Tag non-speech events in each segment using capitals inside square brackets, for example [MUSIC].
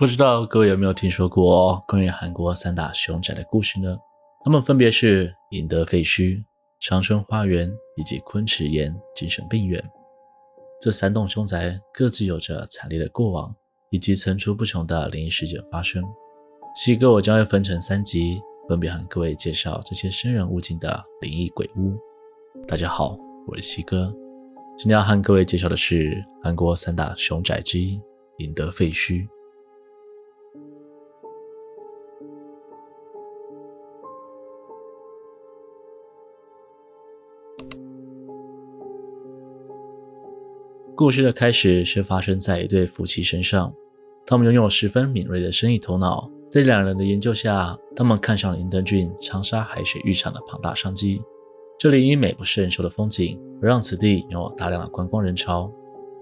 不知道各位有沒有聽說過關於韓國三大凶宅的故事呢？它們分別是銀德廢墟、長春花園以及昆池岩精神病院。這三棟凶宅各自有着慘烈的過往，以及層出不窮的靈異事件發生。西哥，我將會分成三集，分別和各位介紹這些生人勿近的靈異鬼屋。大家好，我是西哥，今天要和各位介紹的是韓國三大凶宅之一——銀德廢墟。故事的開始是發生在一對夫妻身上。他們擁有十分敏銳的生意頭腦，在兩人的研究下，他們看上了林登郡長沙海水浴場的龐大商機。這裡因美不勝收的風景，而讓此地擁有大量的觀光人潮。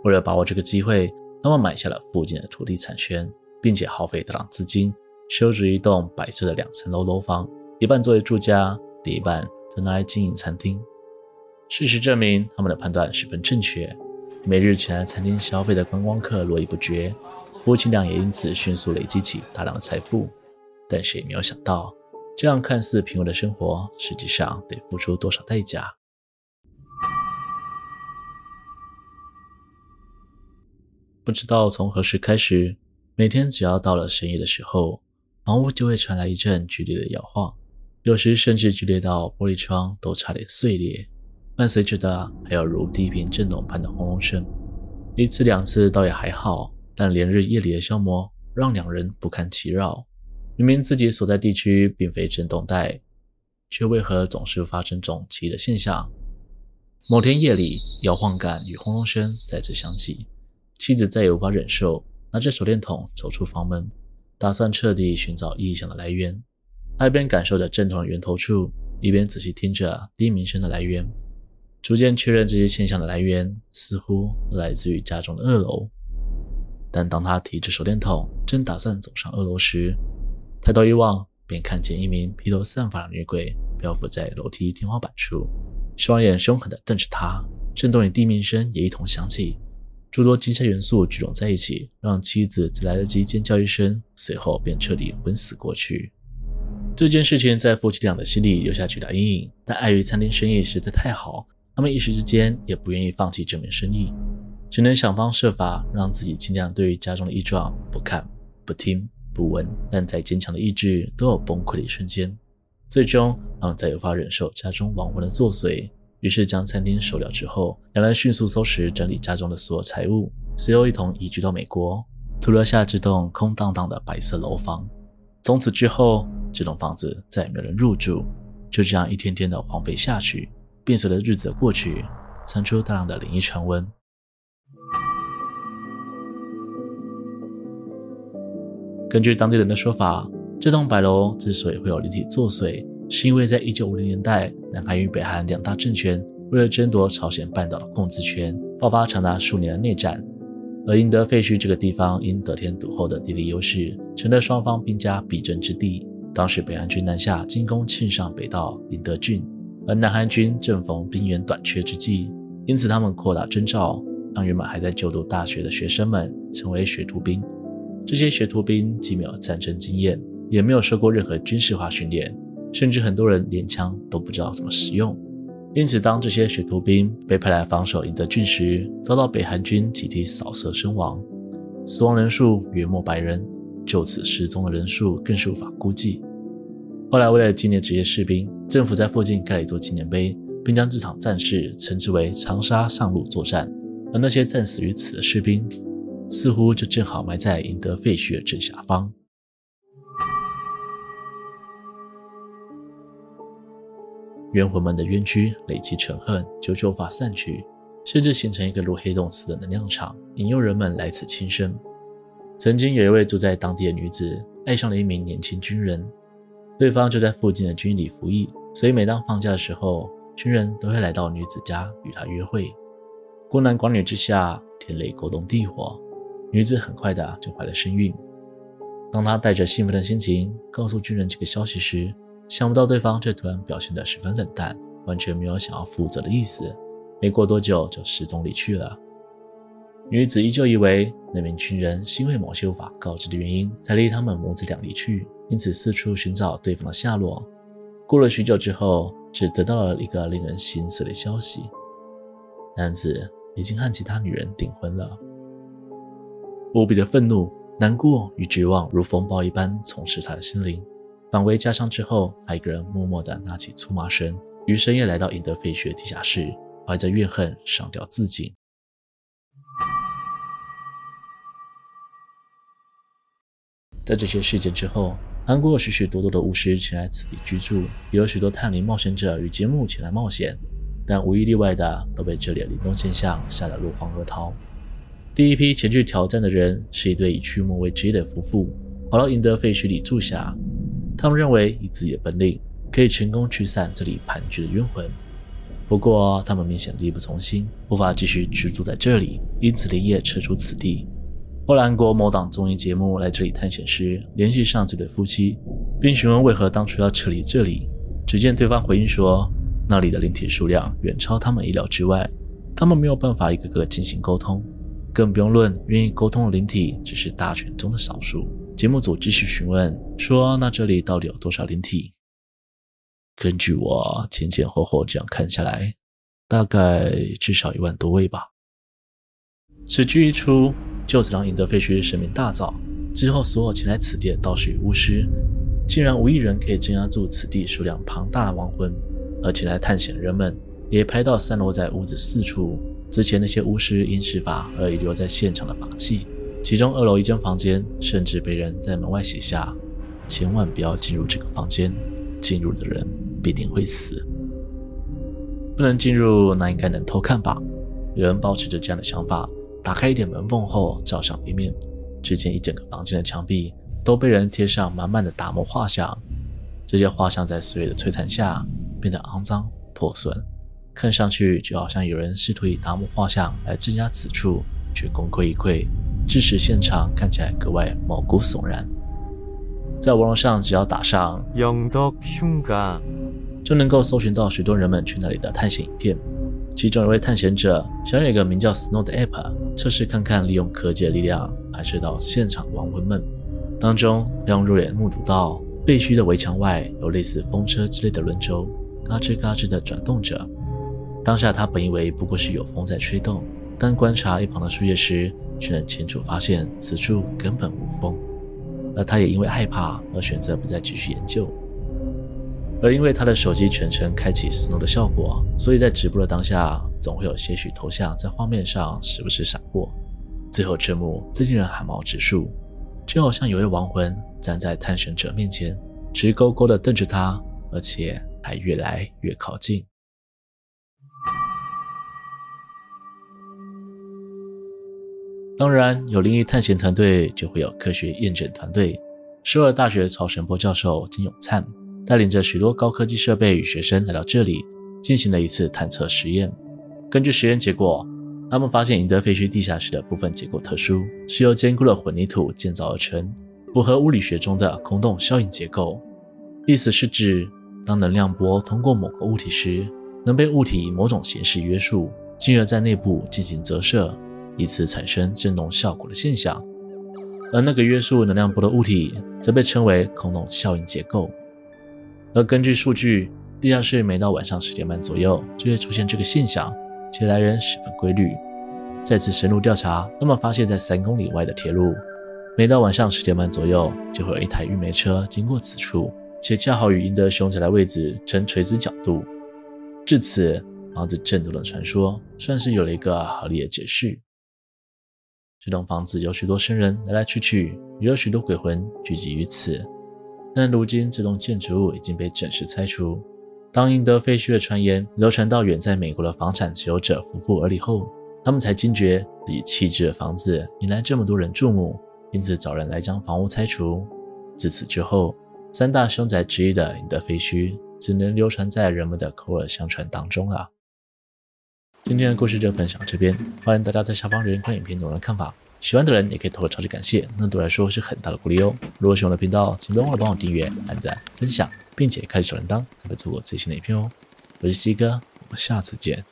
為了把握這個機會，他們買下了附近的土地產權，並且耗費大量資金修築一棟白色的兩層樓樓房，一半作為住家，另一半則拿來經營餐廳。事實證明，他們的判斷十分正確。每日前來餐廳消費的觀光客絡繹不絕，夫妻倆也因此迅速累積起大量的財富。但誰也沒有想到，這樣看似平穩的生活，實際上得付出多少代價？ [MUSIC] 不知道從何時開始，每天只要到了深夜的時候，房屋就會傳來一陣劇烈的搖晃，有時甚至劇烈到玻璃窗都差點碎裂。伴隨着的還有如低頻震動般的轟隆聲，一次兩次倒也還好，但連日夜裡的消磨讓兩人不堪其擾。明明自己所在地區並非震動帶，卻為何總是發生這種奇異的現象？某天夜裡，搖晃感與轟隆聲再次響起，妻子再也無法忍受，拿着手電筒走出房門，打算徹底尋找異響的來源。她一邊感受着震動的源頭處，一邊仔細聽着低鳴聲的來源。逐漸確認這些現象的來源似乎來自於家中的二樓，但當他提着手電筒正打算走上二樓時，抬頭一望便看見一名披頭散髮的女鬼漂浮在樓梯天花板處，雙眼凶狠地瞪着他，震動與地鳴聲也一同響起，諸多驚嚇元素聚攏在一起，讓妻子才來得及尖叫一聲，隨後便徹底昏死過去。這件事情在夫妻倆的心裡留下巨大陰影，但礙於餐廳生意實在太好。他們一時之間也不願意放棄這門生意，只能想方設法讓自己儘量對於家中的異狀不看、不聽、不聞。但再堅強的意志都有崩潰的一瞬間，最終他們再無法忍受家中亡魂的作祟，於是將餐廳收了之後，兩人迅速收拾整理家中的所有財物，隨後一同移居到美國，徒留下這棟空荡荡的白色樓房。從此之後，這棟房子再也沒有人入住，就這樣一天天的荒廢下去。便隨着日子的過去，傳出大量的靈異傳聞。根據當地人的說法，這棟白樓之所以會有靈體作祟，是因為在1950年代，南韓與北韓兩大政權為了爭奪朝鮮半島的控制權，爆發長達數年的內戰。而英德廢墟這個地方因得天獨厚的地理優勢，成了雙方兵家必爭之地。當時北韓軍南下進攻慶尚北道英德郡。而南韓軍正逢兵源短缺之際，因此他們擴大徵召，讓原本還在就讀大學的學生們成為學徒兵。這些學徒兵既沒有戰爭經驗，也沒有受過任何軍事化訓練，甚至很多人連槍都不知道怎麼使用。因此，當這些學徒兵被派來防守盈德郡時，遭到北韓軍集體掃射身亡，死亡人數約莫百人。就此失蹤的人數更是無法估計。後來，為了紀念這些士兵，政府在附近蓋了一座紀念碑，並將這場戰事稱之為“長沙上路作戰”。而那些戰死於此的士兵，似乎就正好埋在贏得廢墟的正下方。冤魂們的冤屈累積成恨，久久無法散去，甚至形成一個如黑洞似的能量場，引誘人們來此輕生。曾經有一位住在當地的女子，愛上了一名年輕軍人。對方就在附近的軍裡服役，所以每當放假的時候，軍人都會來到女子家與她約會。孤男寡女之下，天雷勾動地火，女子很快的就懷了身孕。當她帶着興奮的心情告訴軍人這個消息時，想不到對方卻突然表現得十分冷淡，完全沒有想要負責的意思，沒過多久就失蹤離去了。女子依舊以為那名軍人是因為某些無法告知的原因才離他們母子倆離去，因此四處尋找對方的下落。過了許久之後，只得到了一個令人心碎的消息：男子已經和其他女人訂婚了。無比的憤怒、難過與絕望如風暴一般充斥他的心靈。返回家鄉之後，他一個人默默地拿起粗麻繩，於深夜來到英德廢墟地下室，懷着怨恨上吊自盡。在這些事件之後，韓國許許多多的巫師前來此地居住，也有許多探靈冒險者與節目前來冒險，但無一例外的都被這裡的靈動現象嚇得落荒而逃。第一批前去挑戰的人是一對以驅魔為職業的夫婦，跑到贏得廢墟裡住下，他們認為以自己的本領可以成功驅散這裡盤踞的冤魂。不過，他們明顯力不從心，無法繼續居住在這裡，因此連夜撤出此地。波蘭國某檔綜藝節目來這裡探險時，聯繫上這對夫妻，並詢問為何當初要撤離這裡。只見對方回應說：“那裡的靈體數量遠超他們意料之外，他們沒有辦法一個個進行溝通，更不用論願意溝通的靈體只是大群中的少數。”節目組繼續詢問說：“那這裡到底有多少靈體？”根據我前前後後這樣看下來，大概至少一萬多位吧。此句一出。就此讓贏得廢墟聲名大噪，之後，所有前來此地的道士與巫師，竟然無一人可以鎮壓住此地數量龐大的亡魂。而前來探險的人們，也拍到散落在屋子四處之前那些巫師因施法而遺留在現場的法器。其中，二樓一間房間甚至被人在門外寫下：“千萬不要進入這個房間，進入的人必定會死。”不能進入，那應該能偷看吧？有人抱持著這樣的想法。打開一點門縫後，照向地面，只見一整個房間的牆壁都被人貼上滿滿的達摩畫像。這些畫像在歲月的摧殘下變得骯髒破損，看上去就好像有人試圖以達摩畫像來鎮壓此處，卻功虧一簣，致使現場看起來格外毛骨悚然。在網絡上，只要打上“勇德胸蓋”，就能夠搜尋到許多人們去那裡的探險影片。其中一位探險者想有一個名叫 Snow 的 App 測試看看，利用科技的力量拍攝到現場的亡魂們。當中，他用肉眼目睹到廢墟的圍牆外有類似風車之類的輪軸，嘎吱嘎吱的轉動着。當下他本以為不過是有風在吹動，但觀察一旁的樹葉時，卻能清楚發現此處根本無風。而他也因為害怕而選擇不再繼續研究。而因為他的手機全程開啟 Snow 的效果，所以在直播的當下，總會有些許頭像在畫面上時不時閃過。最後這幕最令人汗毛直豎，就好像有位亡魂站在探險者面前，直勾勾的瞪着他，而且還越來越靠近。當然，有靈異探險團隊，就會有科學驗證團隊。首爾大學曹神波教授金永燦，帶領着許多高科技設備與學生來到這裡，進行了一次探測實驗。根據實驗結果，他們發現贏得廢墟地下室的部分結構特殊，是由堅固的混凝土建造而成，符合物理學中的空洞效應結構。意思是指，當能量波通過某個物體時，能被物體以某種形式約束，進而在內部進行折射，以此產生振動效果的現象。而那個約束能量波的物體，則被稱為空洞效應結構。而根據數據，地下室每到晚上十點半左右就會出現這個現象，且來人十分規律。再次深入調查，他們發現在三公里外的鐵路，每到晚上十點半左右就會有一台運煤車經過此處，且恰好與贏得凶宅的位置呈垂直角度。至此，房子震動的傳說算是有了一個合理的解釋。這棟房子有許多生人來來去去，也有許多鬼魂聚集於此。但如今，這棟建築物已經被正式拆除。當英德廢墟的傳言流傳到遠在美國的房產持有者夫婦耳裡後，他們才驚覺自己棄置的房子引來這麼多人注目，因此找人來將房屋拆除。自此之後，三大凶宅之一的英德廢墟只能流傳在人們的口耳相傳當中了。今天的故事就分享這邊，歡迎大家在下方留言，分享你們的看法。喜歡的人也可以投個超級感謝，那對我來說是很大的鼓勵哦。如果喜歡我的頻道，請別忘了幫我訂閱、按讚、分享，並且開啟小鈴鐺，才不會錯過最新的影片哦。我是西哥，我們下次見。